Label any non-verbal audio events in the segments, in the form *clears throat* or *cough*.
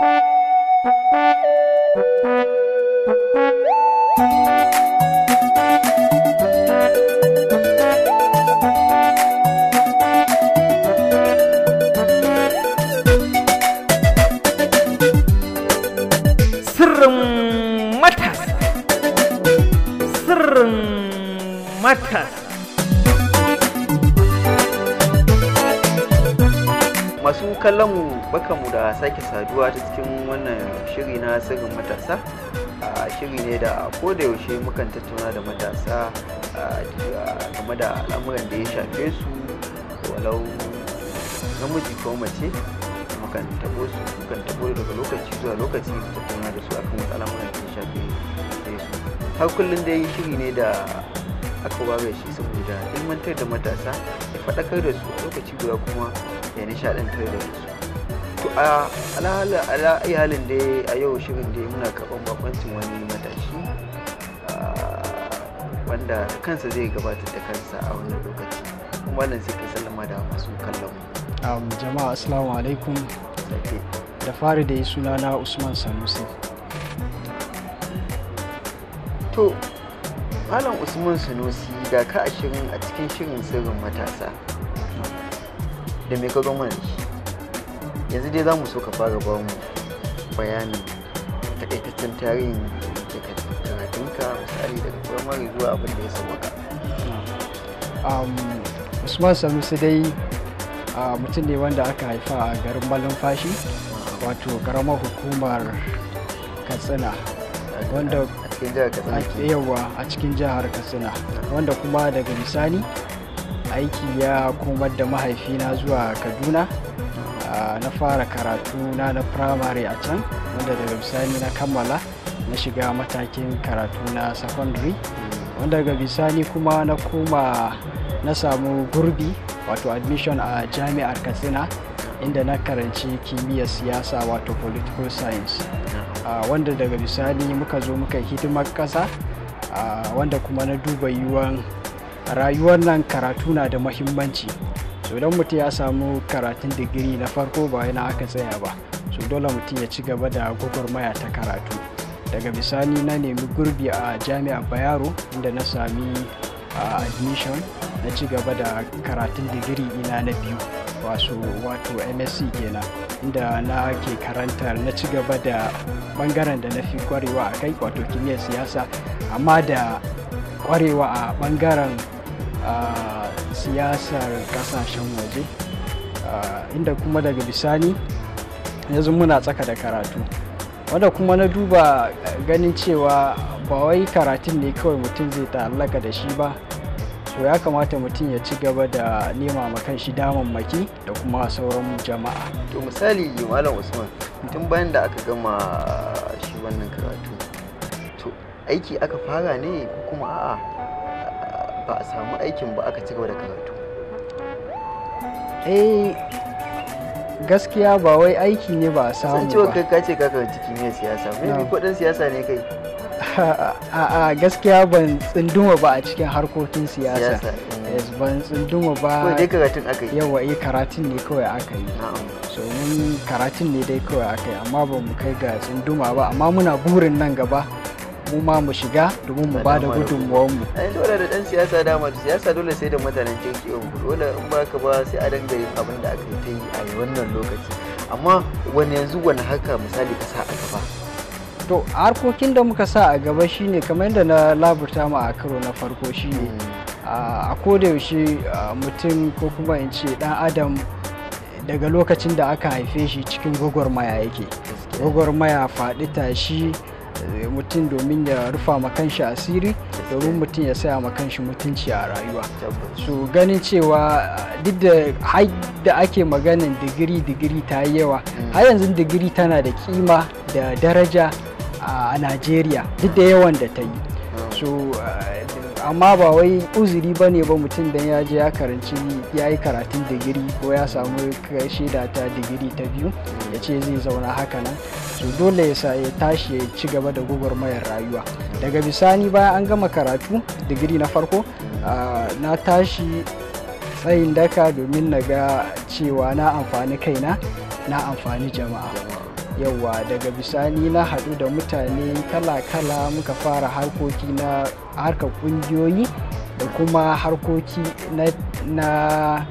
Thank you. sake saduwa ta cikin wannan shiri na sirrin matasa a shiri ne da yaushe mukan tattauna da matasa game da al'amuran da ya shafe su walau namiji ko mace mukan tabo su mukan tabo daga lokaci zuwa lokaci su tattauna da su akan wasu al'amuran da ya shafe su har kullum dai shiri ne da aka ware shi saboda ilmantar da matasa ya faɗakar da su a lokaci guda kuma ya nishaɗantar da su to a ala halin da a yau shirin da muna karɓar bakwancin wani matashi wanda kansa zai gabatar da kansa a wani lokaci kuma wannan sai kai sallama da masu kallon mu jama'a assalamu alaikum da fari da yi suna na usman sanusi to malam usman sanusi da ka a shirin a cikin shirin sirrin matasa da mai ka gwamnati yanzu dai za mu so ka fara ba mu bayanin takaitaccen tarihin daga karatunka misali daga firamare zuwa abin da ya samu ka usman sanusi dai mutum ne wanda aka haifa a garin fashi wato karamar hukumar katsina wanda yawa a cikin jihar katsina wanda kuma daga bisani aiki ya komar da mahaifina zuwa kaduna Ah, na fara karatu na na primary a can wanda daga bisani na kammala na shiga matakin karatu na secondary wanda daga bisani kuma na koma na samu gurbi wato admission a jami'ar katsina inda na karanci kimiyyar siyasa wato political science ah, wanda daga bisani muka zo muka hidimar ƙasa ah, wanda kuma na duba yiwuwan rayuwar nan karatu na da mahimmanci so idan mutum ya samu karatun digiri na farko ba yana aka tsaya ba so dole mutum ya ci gaba da gwagwarmaya ta karatu daga bisani na nemi gurbi a jami'a bayaro inda na sami admission na ci gaba da karatun digiri ina na biyu wato msc kenan inda na ke karanta na ci gaba da bangaren da na fi kwarewa a kai wato kimiyyar siyasa amma da kwarewa a bangaren siyasar kasashen waje inda kuma daga bisani yanzu muna tsaka da karatu wanda kuma na duba ganin cewa ba wai karatun ne kawai mutum zai ta'allaka da shi ba to ya kamata mutum ya ci gaba da nema shi daman maki da kuma sauran jama'a to misali malam usman tun bayan da aka gama shi wannan karatu to aiki aka fara ne kuma a'a ba a samu aikin ba aka ci gaba da karatu eh gaskiya ba wai aiki ne ba a samu ba san kai ka ce ka karanci kimiyyar siyasa Me bi kudin siyasa ne kai *laughs* a gaskiya ban tsunduma ba a cikin harkokin siyasa eh. ban tsunduma ba dai karatun aka yi yawa eh karatun ne kawai aka yi so mun karatun ne dai kawai aka yi amma ba mu kai ga tsunduma ba amma muna burin nan gaba mu ma mu shiga domin mu bada gudunmuwar mu A yanzu da dan siyasa dama da siyasa dole sai da mutanen kirki dole in ba ka ba sai a danga yin abin da aka yi ta yi a wannan lokaci amma wani yanzu wani haka misali ka sa a gaba to harkokin da muka sa a gaba shine kamar yadda na laburta mu a karo na farko shine hmm. a kodayaushe mutum ko kuma in ce dan adam daga lokacin da aka haife shi cikin gwagwarmaya yake gwagwarmaya faɗi tashi Eh, mutum domin ya rufa ma kanshi asiri domin mutum ya saya ma kanshi mutunci a rayuwa so ganin cewa eh, duk da da ake maganin digiri digiri ta yi yawa mm. har yanzu digiri tana da kima da daraja a najeriya duk da yawan da ta yi mm. eh, amma ba wai uzuri ba ne ba mutum dan ya je ya karanci ya yi karatun digiri ko ya samu shaida ta digiri ta biyu ya ce zai zauna haka nan su dole ya ya tashi ya ci gaba da mayar rayuwa daga bisani bayan an gama karatu digiri na farko na tashi tsayin daka domin na ga cewa na amfani kaina na amfani jama'a yawa daga bisani na haɗu da mutane kala-kala muka fara harkoki na harkar ƙungiyoyi da kuma harkoki na, na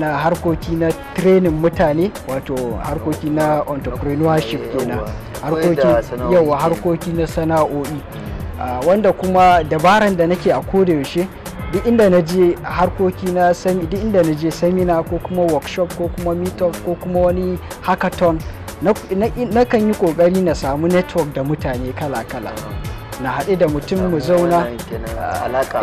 na harkoki na training mutane wato harkoki na entrepreneurship kenan harkoki yawa harkoki na sana'o'i ah, wanda kuma dabaran da nake a koda yaushe duk inda na je harkoki na sami duk inda na je seminar ko kuma workshop ko kuma meetup ko kuma wani hackathon na kan yi kokari na samu network da mutane kala-kala na hade da mutum mu zauna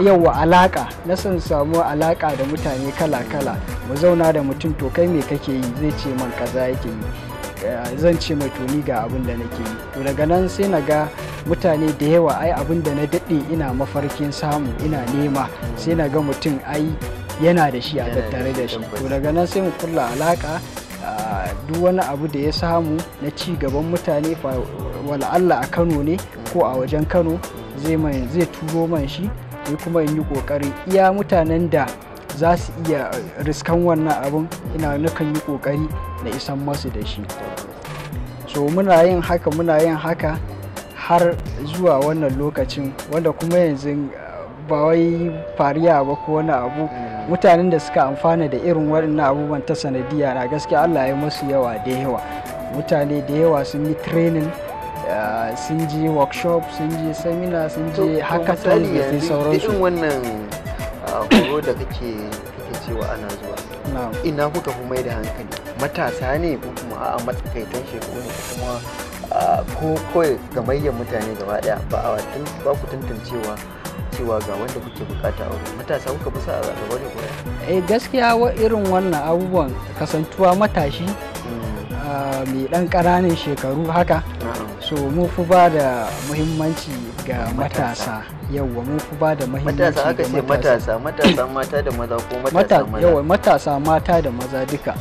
yawa alaƙa na san samu alaka da mutane kala-kala mu zauna da mutum to kai me kake yi zai ce man kaza yake yi eh, zan ce mai toni ga abin da nake yi to daga nan sai na ga mutane da yawa ai abin da na daɗe ina mafarkin samu ina nema sai na ga mutum ai yana da shi a tattare da shi to daga nan sai mu kulla alaka. duk wani abu da ya samu na ci gaban mutane wala'alla a kano ne ko a wajen kano zai turo man shi ni kuma in yi kokarin iya mutanen da za su iya riskan wannan abun ina nukan yi kokari na isan masu da shi so muna yin haka muna yin haka har zuwa wannan lokacin wanda kuma yanzu ba wai fariya ba ko wani abu mutanen da suka amfana da irin waɗannan abubuwan ta sanadiyya na gaskiya allah ya masu yawa da yawa mutane da yawa sun yi training eh, sun je workshop sun je seminar sun je hackathon da dai sauransu wannan ah, horo da kake cewa ana zuwa ina kuka fi mai da hankali matasa ne ko kuma a matsakaitan shekaru ne kuma ah, ko kawai mayan mutane gaba daya ba a ba ku tantancewa cewa ga wanda kuke bukata a wurin matasa kuka fi sa a gaba ne ko eh gaskiya wa irin wannan abubuwan kasantuwa matashi mm. ah, mai dan karanin shekaru haka so mu fi ba da muhimmanci ga matasa yawwa mu fi ba da muhimmanci matasa matasa matasa mata da maza ko matasa maza matasa mata da maza duka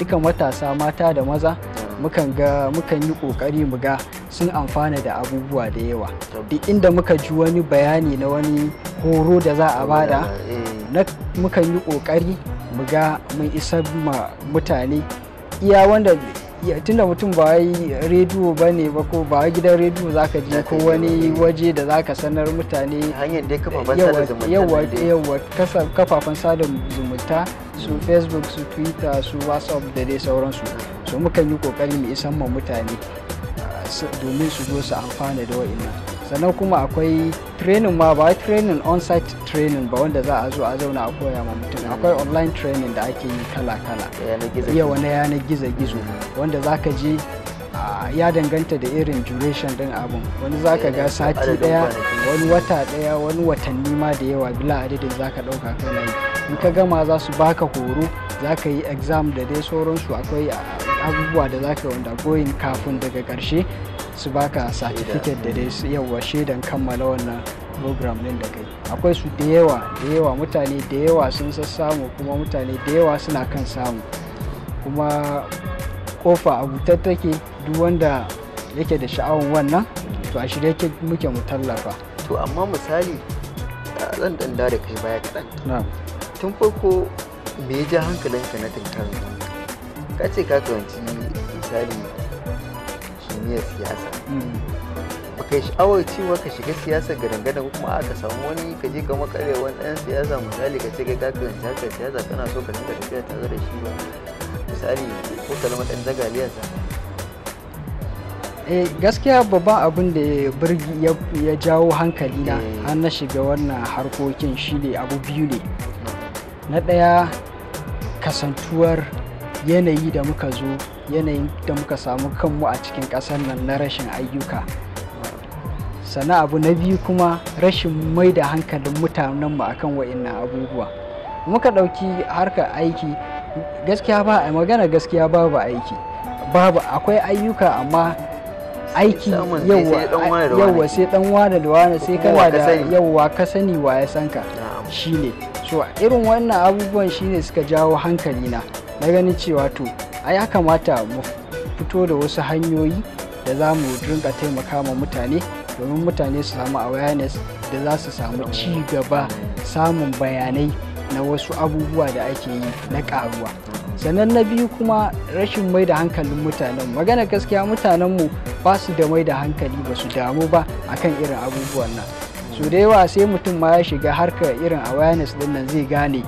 duka matasa mata da maza mukan ga mukan yi kokari mu ga sun amfana da abubuwa da yawa duk inda muka ji wani bayani na wani horo da za a bada na muka yi kokari mu ga mun isar ma mutane iya wanda tunda mutum ba yi rediyo ba ne ba ko ba gidan rediyo za ka je ko wani waje da za ka sanar mutane kafafen sada zumunta yawa kafafen sada zumunta su facebook su twitter su whatsapp da dai sauransu so muka yi kokari mu isan ma mutane domin su zo su amfana da wa'annan sannan kuma akwai training ma ba training on-site training ba wanda za a zo a zauna a koya ma mutum akwai online training da ake yi kala-kala iya na yanar gizo-gizo wanda za ka je ya danganta da irin duration din abin wani za ka ga sati daya wani wata daya wani watanni ma da yawa bila adadin zaka dauka kana yi in ka gama za su baka horo za ka yi exam da dai sauransu akwai abubuwa da za ka wanda goyin kafin daga ƙarshe su baka certificate da dai yawa shaidan kammala wannan program din da kai akwai su da yawa da yawa mutane da yawa sun samu kuma mutane da yawa suna kan samu kuma kofa a butar take duk wanda yake da sha'awun wannan to a shirye muke mu tallafa to amma misali zan danda da kai baya kaɗan tun farko me ya ja hankalinka na tinkarin ka ce ka karanci misali kimiyyar siyasa mm. ba kai sha'awar cewa ka shiga siyasa garangada ko kuma aka samu wani ka je ka makare wani ɗan siyasa misali ka ce ka karanci haka siyasa kana so ka rinka tafiya tare da shi ba misali ko kalmar ɗan ɗan zagaliyarsa eh gaskiya babban abin da ya jawo hankali na eh. har na shiga wannan harkokin shi ne abu biyu ne mm. na ɗaya kasantuwar yanayi da muka zo yanayin da muka samu kanmu a cikin ƙasar nan na rashin ayyuka sana abu na biyu kuma rashin mai da hankalin mutanenmu akan wa'innan abubuwa muka ɗauki harkar aiki gaskiya ba a magana gaskiya babu aiki babu akwai ayyuka amma aiki yauwa sai dan wane da wane sai kana da yauwa ka sani wa ya sanka shine so irin wannan abubuwan shine suka jawo hankalina na ganin cewa to a ya kamata mu fito da wasu hanyoyi da za mu dinga taimaka ma mutane domin mutane su samu awareness da za su samu ci gaba samun bayanai na wasu abubuwa da ake yi na karuwa sannan na biyu kuma rashin mai da hankalin mutanen magana gaskiya mutanen mu ba su da mai da hankali ba su damu ba akan irin abubuwan nan su da yawa sai mutum ma ya shiga harkar irin awareness din nan zai gane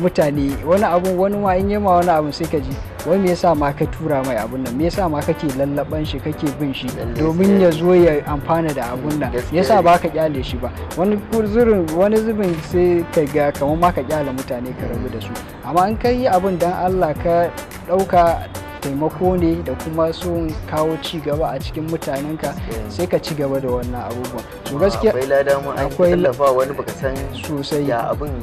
mutane wani abun wani ma in yema wani abun sai ka ji wai me yasa ma ka tura mai abun nan me yasa ma kake lallaban shi kake bin shi domin ya zo ya amfana da abun nan yasa ba ka kyale shi ba wani zurin wani zubin sai ka ga kamar ma ka kyale mutane ka rabu da su amma in ka yi abun dan Allah ka dauka taimako ne da kuma son kawo ci gaba a cikin mutanen ka sai ka ci gaba da wannan abubuwan to gaskiya akwai lada mu an tallafa wani baka san sosai ya abin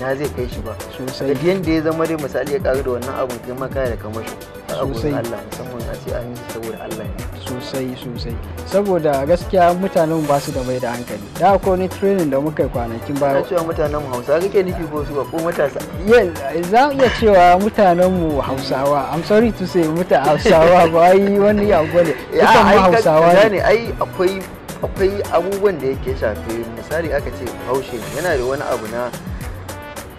na zai kai shi ba sosai da yanda ya zama dai misali ya karu da wannan abin kai maka da kamar shi sosai Allah musamman a ce an saboda Allah ne sosai sosai saboda gaskiya mutanen ba su da mai da hankali da ko ni training da muka yi kwanakin baya cewa mutanen mu hausa kake nufi ko su ko matasa za mu iya cewa mutanen mu hausawa i'm sorry to say mutan hausawa ba ai wani ya ne dukan mu hausawa ne ai akwai akwai abubuwan da yake shafe misali aka ce haushe yana da wani abu na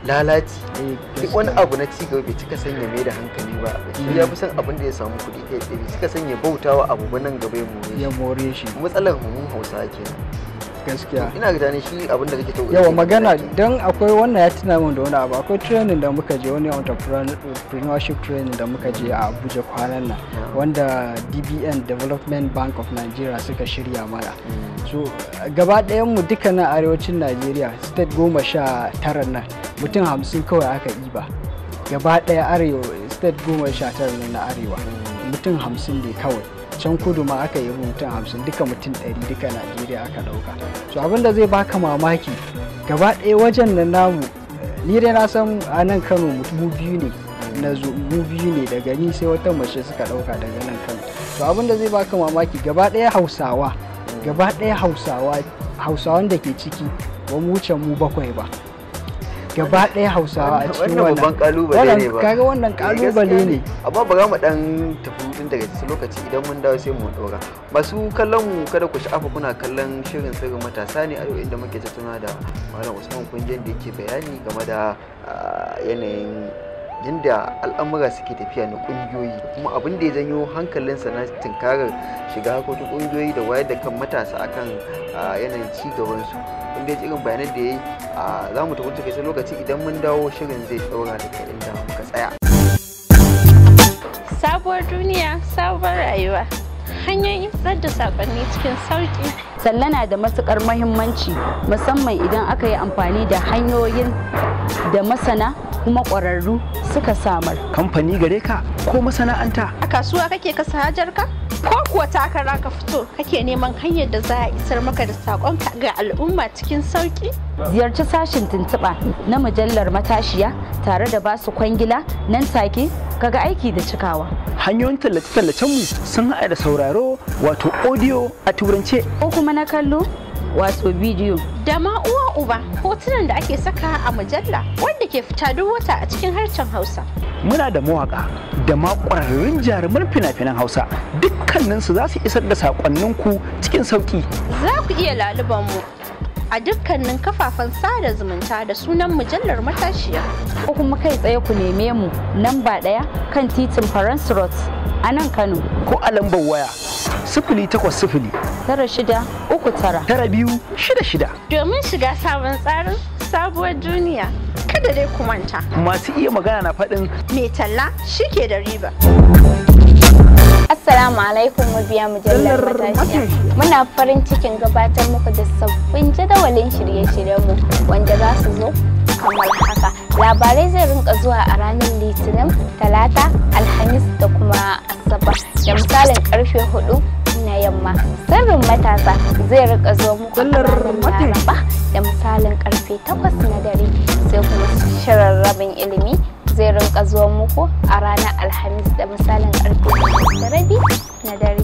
lalaci eh, duk wani abu na cigaba bai cika sanya mai da hankali ba shi ya fi son abin da ya samu kuɗi kai tsaye cika sanya bautawa abu nan gaba ya more shi matsalar humun hausa kenan gaskiya ina ga tani shi abin kake to yawa magana dan akwai wannan ya tuna min da wani abu akwai training da muka je wani entrepreneurship training da muka je a Abuja kwanan nan wanda DBN Development Bank of Nigeria suka shirya mana hmm. so gaba ɗayan mu duka arewacin nigeria state goma sha tara nan mutum hamsin kawai aka ɗiba gaba ɗaya arewa state goma sha tara na arewa hmm. mutum hamsin ne kawai can kudu ma aka yi mutum hamsin duka mutum ɗari duka najeriya aka ɗauka to abin da zai baka mamaki gaba ɗaya wajen na namu ni dai na san a nan kano mu biyu ne na mu biyu ne daga ni sai wata mace suka ɗauka daga nan kano to abin da zai baka mamaki gaba ɗaya hausawa gaba ɗaya hausawa hausawan da ke ciki ba mu wuce mu bakwai ba gaba ɗaya hausawa a cikin wannan kalubale ne ba kaga wannan eh, kalubale ne amma ba za mu dan tafi hutun daga cikin lokaci idan mun dawo sai mu ɗora masu kallon mu kada ku sha'afa kuna kallon shirin sirrin matasa ne a yau inda muke tattauna da malam Usman Kungiyar da yake bayani game da ah, yanayin yadda al'amura suke tafiya na kungiyoyi kuma abin da ya janyo hankalinsa na tunkarar shiga harkokin kungiyoyi da wayar da kan matasa akan yanayin ci gabansu inda ya irin bayanan da ya yi za mu tafi kai lokaci idan mun dawo shirin zai tsaura daga inda muka tsaya sabuwar duniya sabuwar rayuwa hanyoyin tsar da sakonni cikin sauki sallana da matukar mahimmanci musamman idan aka yi amfani da hanyoyin da masana kuma ƙwararru suka samar. Kamfani gare ka ko masana'anta? A kasuwa kake kasa hajar ka? Ko kuwa takara ka fito kake neman hanyar da za a isar maka da saƙonka ga al'umma cikin sauƙi? Ziyarci sashen tuntuɓa na mujallar matashiya tare da basu kwangila nan take kaga aiki da cikawa. Hanyoyin tallace-tallacenmu sun haɗa da sauraro wato audio a turance. Ko kuma na kallo wato bidiyo da ma uwa uba hotunan da ake saka a mujalla wanda ke fita duk wata a cikin harshen hausa muna da mawaka da ma ƙwararrun jaruman fina-finan hausa dukkaninsu za su isar da saƙonninku cikin sauƙi za ku iya laluban mu a dukkanin kafafen sada zumunta da sunan mujallar matashiya ko kuma kai tsaye ku neme mu nan ba ɗaya kan titin faransirot. a nan Kano. Ko a lambar waya sifili takwas sifili. Tara shida uku tara. Tara biyu shida shida. Domin shiga sabon tsarin sabuwar duniya. Kada dai kumanta. Masu iya magana na faɗin. Mai talla shi ke da riba. Assalamu alaikum mabiya mujallar matashiya. Muna farin cikin gabatar muku da sabbin jadawalin shirye-shiryenmu wanda za su zo kamar haka. labarai zai rinka zuwa a ranar litinin talata alhamis da kuma asabar da misalin karfe hudu na yamma sirrin matasa zai rinka zuwa muku a ranar da misalin karfe takwas na dare sai kuma shirin rabin ilimi zai rinka zuwa muku a ranar alhamis da misalin karfe da rabi na dare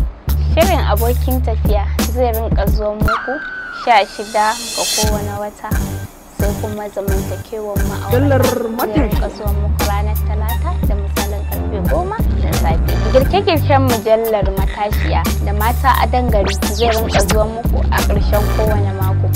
shirin abokin tafiya zai rinka zuwa muku sha shida ga kowane wata sai kuma zamantakewar ma'aurar kasuwar muku ranar talata da misalin karfe goma da safe girke-girken mujallar matashiya da mata a dangare zai rinka zuwa muku a ƙarshen kowane mako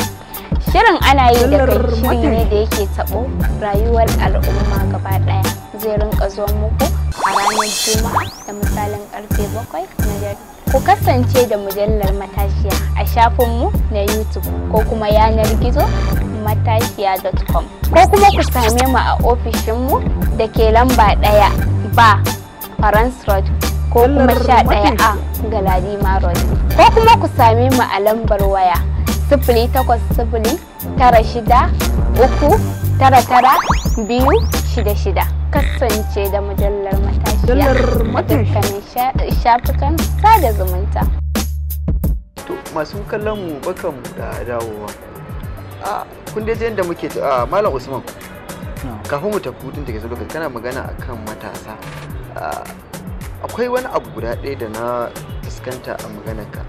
shirin ana yi da kai ne da yake taɓo rayuwar al'umma gaba ɗaya zai rinka zuwa muku a ranar juma'a da misalin karfe bakwai na dare Ku kasance da mujallar matashiya a shafinmu na YouTube ko kuma yanar gizo matashiya.com ko kuma ku same mu a ofishinmu da ke lamba ɗaya ba Farans Road ko kuma sha ɗaya a Galadima Road ko kuma ku same mu a lambar waya sifili takwas sifili tara shida uku tara tara biyu shida kasance da mujallar matashiya shafukan sada zumunta. To masu kallon mu bakan mu da dawowa. A kun dai yadda muke ta Malam Usman. Kafin mu tafi hutun take lokaci kana magana akan matasa. Akwai wani abu guda ɗaya da na fuskanta a maganarka.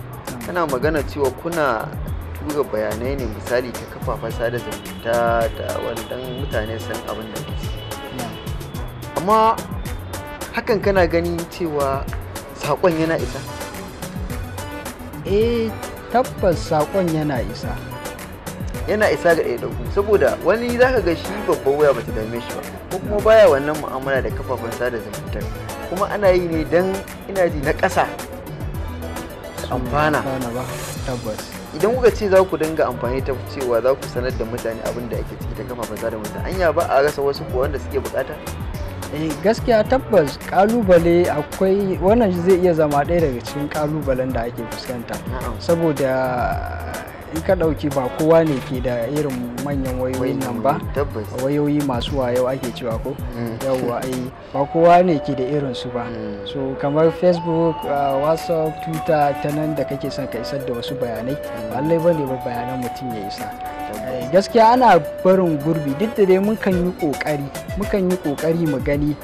Kana magana cewa kuna tura bayanai ne misali ta kafafen sada zumunta da wani dan mutane san abin da ke amma hakan kana gani cewa saƙon yana isa eh tabbas saƙon yana isa yana isa ga ɗaya dagu saboda wani za ka ga shi babban waya bata dame shi ba ko kuma baya wannan mu'amala da kafafen sada zumunta. kuma ana yi ne don ina ji na ƙasa amfana ba, tabbas idan kuka ce za ku dinga amfani ta cewa za ku sanar da mutane abinda da ake ciki ta kafafen sada zumunta anya ba a rasa wasu kuwa wanda suke bukata Eh, gaskiya tabbas kalubale akwai wannan zai iya zama ɗaya daga cikin kalubalen da ake fuskanta saboda eh, in ka ɗauki ba kowa ne ke da irin manyan wayoyi nan ba wayoyi masu wayo ake cewa ko mm. yawwa ai eh, ba kowa ne ke da irin su ba mm. so kamar facebook whatsapp twitter ta nan da kake son ka isar da wasu bayanai mm. ba ne ba bayanan mutum ya isa Eh, gaskiya ana barin gurbi duk da dai mukan yi kokari mukan yi kokari mu gani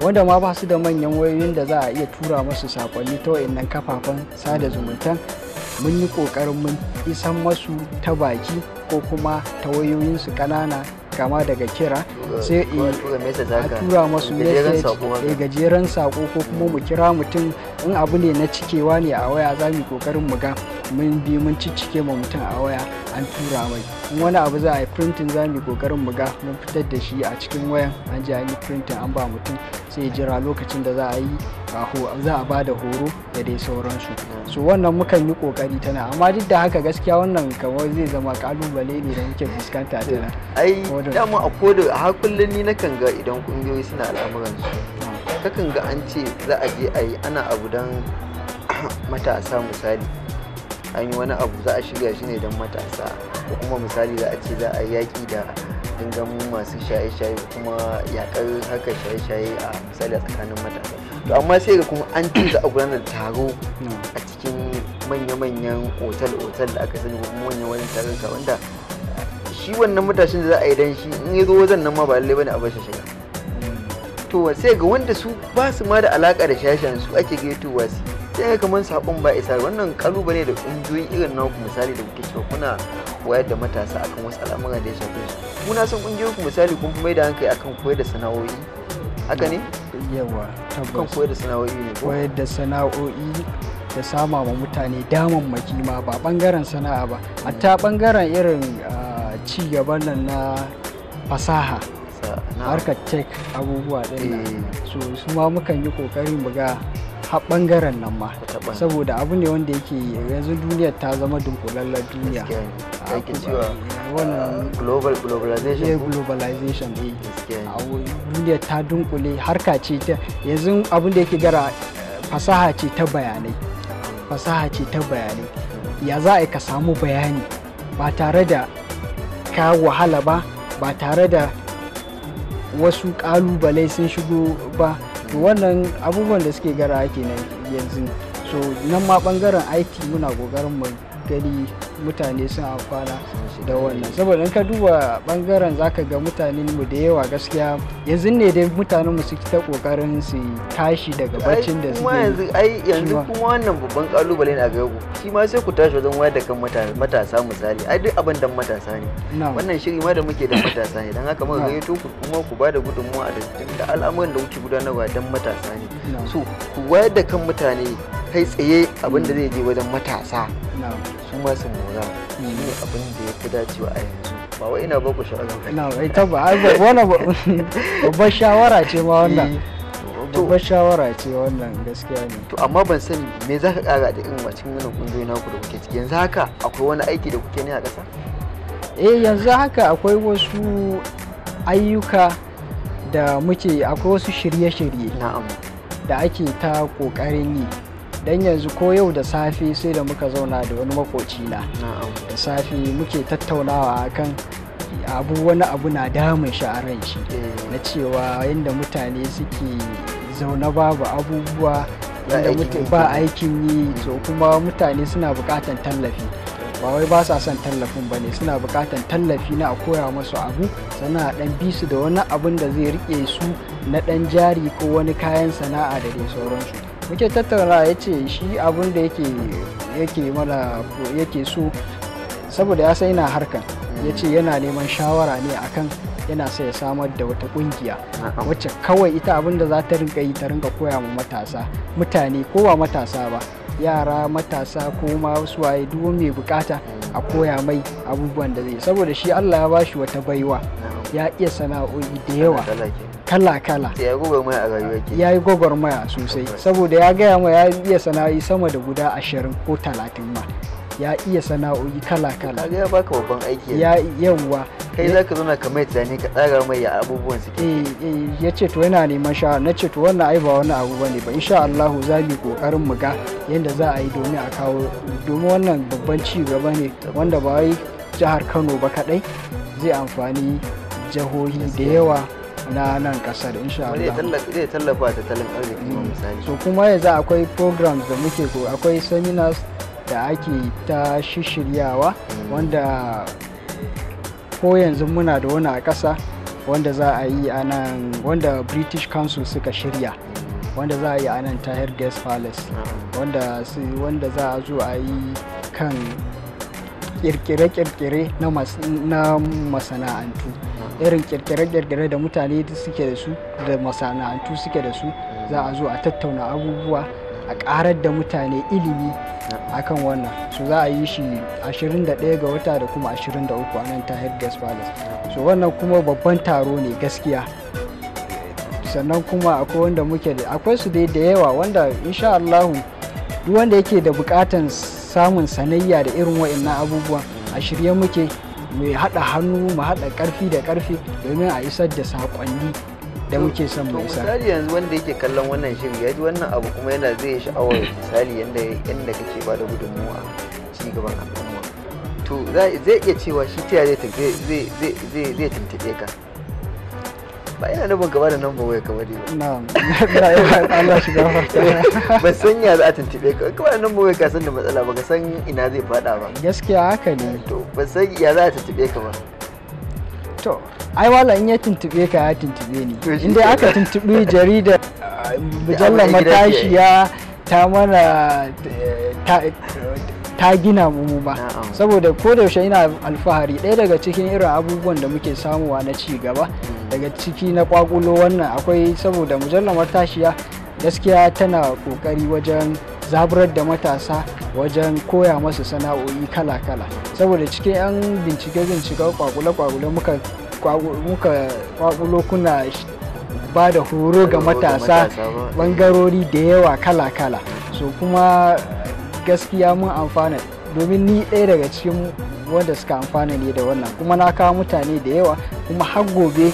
wanda ma ba su da manyan wayoyin da za a iya tura masu sakonni ta wayannan kafafen sada zumunta mun yi kokarin mun isan masu ta baki ko kuma ta wayoyin su kanana kama daga kira sai a tura masu message eh, gajeren sako ko kuma mu kira mutum in abu ne na cikewa ne a waya za mu kokarin mu ga mun bi mun ciccike ma mutum a waya an tura mai wani abu za a yi printin za mu kokarin mu ga mun fitar da shi a cikin wayan an ji an yi printin an ba mutum sai jira lokacin da za a yi za a ba da horo da dai sauransu so wannan mukan yi kokari tana amma duk da haka gaskiya wannan kamar zai zama kalubale ne da muke fuskanta tana ai dama a kodo a hakullin ni kan ga idan kungiyoyi suna al'amuran su hmm. kakan ga an ce za a je a yi ana abu don *clears throat* matasa misali an yi wani abu za a shirya shi ne don matasa ko kuma misali za a ce za a yaƙi da gangamin masu shaye-shaye kuma yaƙar haka shaye-shaye a misali a tsakanin matasa to amma sai ga kuma an ce a gudanar taro a cikin manya-manyan otal-otal da aka sani kuma manyan wajen taron ka wanda shi wannan matashin da za a yi dan shi in ya zo wajen nan ma ba lallai bane a bashi shiga to sai ga wanda su ba su ma da alaka da shashan su ake getowa su sai kamar saƙon ba isa wannan kalubale da kungiyoyi irin naku misali da kuke cewa kuna wayar da matasa akan wasu al'amura da ya shafe su kuna son kungiyoyi ku misali kun fi mai da hankali akan koyar da sana'o'i haka ne yawa kan koyar da sana'o'i ne koyar da sana'o'i da sama ma mutane daman makima ba bangaren sana'a ba hatta bangaren irin ah, ci gaban nan na fasaha harkar tech abubuwa ɗin eh. so su ma mukan yi ƙoƙarin buga a bangaren nan ma saboda abu ne wanda yake yanzu duniyar ta zama dunkulallar duniya wannan global globalization globalization duniya ta dunkule harka ce ta yanzu abin da yake gara fasaha ce ta bayanai fasaha ce ta bayanai ya za a ka samu bayani ba tare da ka wahala ba ba tare da wasu kalubale sun shigo ba to wannan abubuwan da suke gara ake nan yanzu so nan ma bangaren it muna gogaran mu gani mutane sun amfana da wannan saboda in ka duba bangaren zaka ga mutanen mu da yawa gaskiya yanzu ne dai mutanen mu suke ta kokarin su tashi daga baccin da suke yanzu ai yanzu kuma wannan babban kalubale ne a gare ku shi ma sai ku tashi wajen wayar da kan matasa misali ai duk abin da matasa ne wannan shiri ma da muke da matasa ne dan haka muka gayyato ku kuma ku bada gudunmuwa a da al'amuran da kuke gudanarwa dan matasa ne so ku wayar da kan mutane kai tsaye abin da hmm. zai je wajen matasa su ma su nuna ne abin da ya fi dacewa a yanzu ba wai ina baku shawara na ai tabba wannan *laughs* babbar shawara ce ma wannan eh, babbar shawara ce wannan gaskiya ne to amma ban sani me zaka kara da irin wacin wannan kungiyoyi naku da kuke ciki yanzu haka akwai wani aiki da kuke ne a ƙasa eh yanzu haka akwai wasu ayyuka da muke akwai wasu shirye-shirye na'am da ake ta ƙoƙarin yi dan yanzu ko yau da safe sai da muka zauna da wani makoci na da safe muke tattaunawa akan abu wani abu na damun shi a ran shi eh. na cewa yadda mutane suke zaune babu abubuwa ba aikin yi to kuma mutane suna bukatan tallafi ba wai ba sa son tallafin ba ne suna bukatan tallafi na a koya masu abu sana a dan bi da wani abun da zai rike su na dan jari ko wani kayan sana'a da dai sauransu muke tattauna ya ce shi abin da yake mana yake so saboda ya san ina harkan ya ce yana neman shawara ne akan yana saya ya samar da wata kungiya wacce kawai ita abin da za ta rinka yi ta rinka koya ma matasa mutane ko ba matasa ba yara matasa ko ma waye duk mai bukata a koya mai abubuwan da zai saboda shi Allah ya bashi wata baiwa ya iya sana'o'i da yawa kala-kala ya gwagwarmaya a rayuwa ya yi gwagwarmaya sosai saboda ya gaya ma ya iya sana'o'i sama da guda ashirin ko talatin ma ya iya sana'o'i kala-kala ya baka babban aiki ya yawwa kai za ka zauna kamar ne ka tsara mai ya abubuwan su ke eh, eh, ya ce to yana neman shawara na ce to wannan ai ba wani abu bane ba insha Allah za mu kokarin mu ga yadda za a yi domin a kawo domin wannan babban ci gaba ne wanda ba wai jihar Kano ba kadai zai amfani jihohi da yawa na nan kasar insha Allah zai tallafa tattalin arziki misali so kuma yanzu akwai programs da muke ko akwai seminars da ake ta shishiryawa wanda ko yanzu muna da wani a ƙasa wanda za a yi a nan wanda british council suka shirya wanda za a yi a nan tahir guest palace wanda za a zo a yi kan kirkire-kirkire na masana'antu irin kirkire-kirkire da mutane suke da su da masana'antu suke da su za a zo a tattauna abubuwa a karar da mutane ilimi akan wannan su za a yi shi 21 ga wata da kuma 23 a nan ta guest palace su wannan kuma babban taro ne gaskiya sannan kuma akwai wanda muke da akwai su dai da yawa wanda insha duk wanda yake da bukatan samun sanayya da irin wa'annan abubuwa a shirye muke mu haɗa hannu mu haɗa ƙarfi da ƙarfi domin a isar da saƙonni da muke son mu isa. misali yanzu wanda yake kallon wannan shirin ya ji wannan abu kuma yana zai sha'awar misali yadda kake ba da gudunmuwa ci gaban al'umma to zai iya cewa shi ta zai zai zai ka ba ina nufin ka bada nan ba waya ka bari ba na yi Allah shi ga *laughs* ba san ya za a tuntube ka ka bada nan ba waya ka san da matsala ba ka san ina zai fada ba gaskiya haka ne to ba san ya za a tuntube ka ba to ai wala in ya tuntube ka ya tuntube ni inda aka tuntubi jaridar *laughs* mujallar matashiya ta mana ta gina mu ba saboda ko da yaushe ina alfahari ɗaya daga cikin irin abubuwan da muke samuwa na ci gaba daga ciki na kwakulo wannan akwai saboda mujallar matashiya gaskiya tana kokari wajen zaburar da matasa wajen koya masu sana'o'i kala-kala saboda cikin 'yan bincike-bincike kwakule-kwakule muka kwakulo kuna ba da horo ga matasa bangarori da yawa kala-kala so kuma gaskiya mun amfana domin ni ɗaya daga cikin wanda suka amfana ne da wannan kuma na kawo mutane da yawa kuma har gobe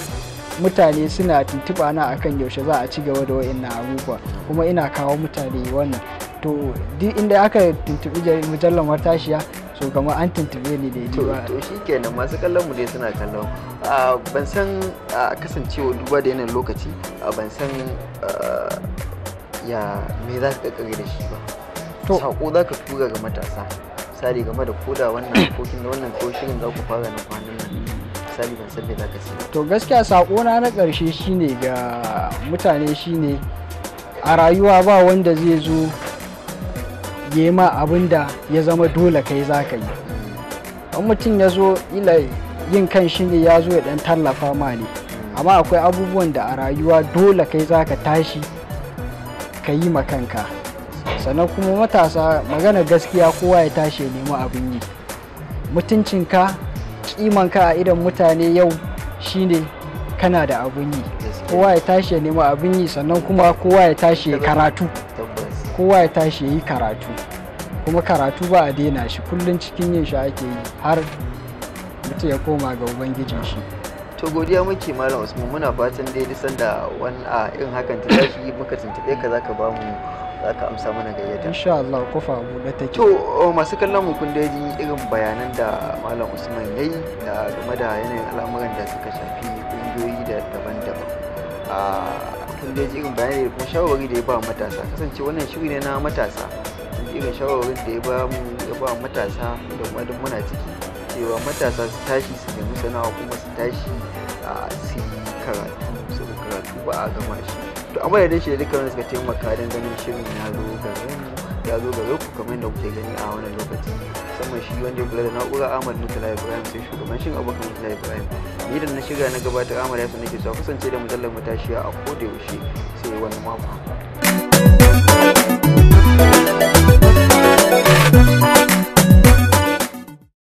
mutane suna tuntuɓa na akan yaushe za a ci gaba da wa'annan abubuwa kuma ina kawo mutane wannan to duk inda aka tuntuɓi mujallar matashiya so kamar an tuntuɓe ni da yaji to shi kenan masu kallon mu dai suna kallon ban san kasancewa duba da yanayin lokaci ban san ya me za ka kakkare da shi ba to gaskiya sako na na karshe shine ga mutane shine a rayuwa ba wanda zai zo ya yi ma abin da ya zama dole kai za ka yi an mutum ya zo ila yin kan shi ne ya zo ya dan tallafa ma ne amma akwai abubuwan da a rayuwa dole kai za ka tashi ka yi ma kanka sannan kuma matasa magana gaskiya kowa ya tashi ya nemi abin yi mutuncinka kimanka a idan mutane yau shine kana da abin yi kowa ya tashi abin yi sannan kuma kowa ya tashi karatu kowa ya tashi yi karatu kuma karatu ba a daina shi kullum cikin yin shi ake yi har mutum ya koma ga ubangijin shi to godiya muke malam usman muna fatan dai sanda wani a irin hakan ta zafi muka tuntube ka za ka ba mu za ka amsa mana gayyata insha Allah kofa buɗe take to oh, masu kallon mu kun daji irin bayanan da malam Usman yayi da game da yanayin al'amuran da suka shafi kungiyoyi da daban-daban a ah, kun daji irin bayanai da kuma shawarwari da ya ba matasa kasance wannan shiri ne na matasa irin shawarwarin da ya ba mu ya ba matasa da kuma duk muna ciki cewa matasa su tashi su nemi sana'a kuma su tashi ah, su karatu su karatu ba a gama shi to amma da shi da dukkan suka taimaka don ganin shirin ya zo gare ya zo gare ku kamar yadda kuke gani a wannan lokaci musamman shi wanda ya kula da na'ura Ahmad Mutala Ibrahim sai shugaban shin abokan Mutala Ibrahim ni da na shiga na gabatar Ahmad ya nake so kasance da mujallar matashiya a ko da yaushe sai wani mako